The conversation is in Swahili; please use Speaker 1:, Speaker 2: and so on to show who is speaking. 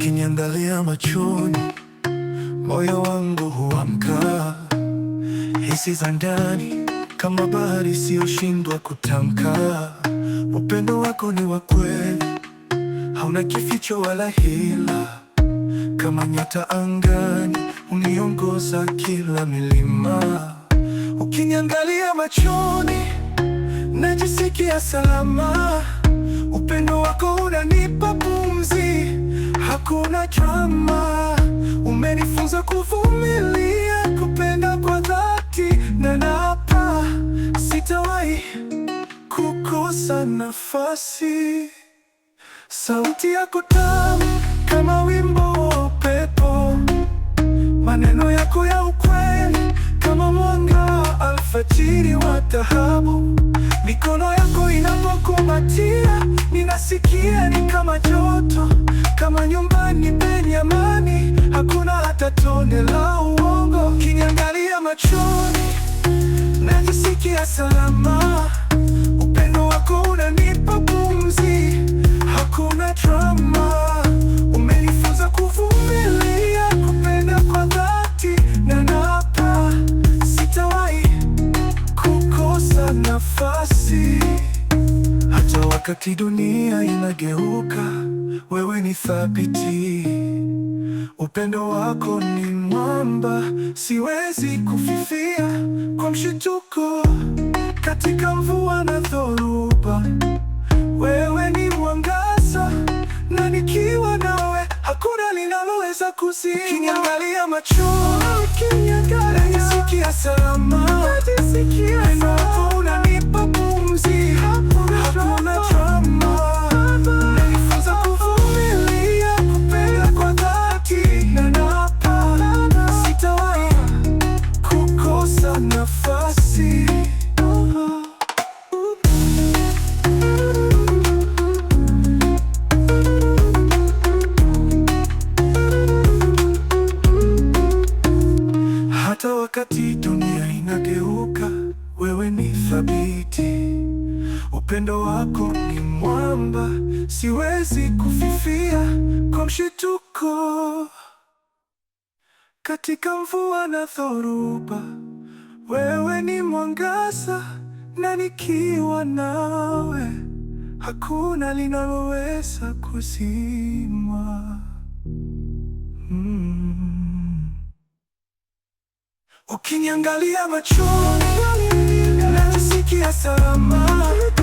Speaker 1: Ukiniangalia machoni, moyo wangu huamka, hisi za ndani kama bahari isiyoshindwa kutamka. Upendo wako ni wa kweli, hauna kificho wala hila, kama nyota angani uniongoza kila milima. Ukiniangalia machoni, najisikia salama, upendo wako unanipa kuna chama Umenifunza kuvumilia, kupenda kwa dhati, na napa sitawahi kukosa nafasi. Sauti yako tamu kama wimbo wa upepo, maneno yako ya ukweli kama mwanga wa alfajiri wa dhahabu. Mikono yako inapokumbatia, ninasikia ni kama joto kuja salama, upendo wako unanipa pumzi, hakuna drama. Umenifunza kuvumilia, kupenda kwa dhati, na napa sitawahi kukosa nafasi, hata wakati dunia inageuka, wewe ni thabiti. Upendo wako ni mwamba, siwezi kufifia kwa mshituko katika mvua na dhoruba, wewe ni mwangaza, na nikiwa nawe hakuna linaloweza kuzima. Ukiniangalia machoni, ukiniangalia, najisikia salama, najisikia salama wakati dunia inageuka, wewe ni thabiti. Upendo wako ni mwamba, siwezi kufifia kwa mshituko. Katika mvua na dhoruba, wewe ni mwangaza, na nikiwa nawe hakuna linaloweza kuzimwa. Ukiniangalia machoni, najisikia salama.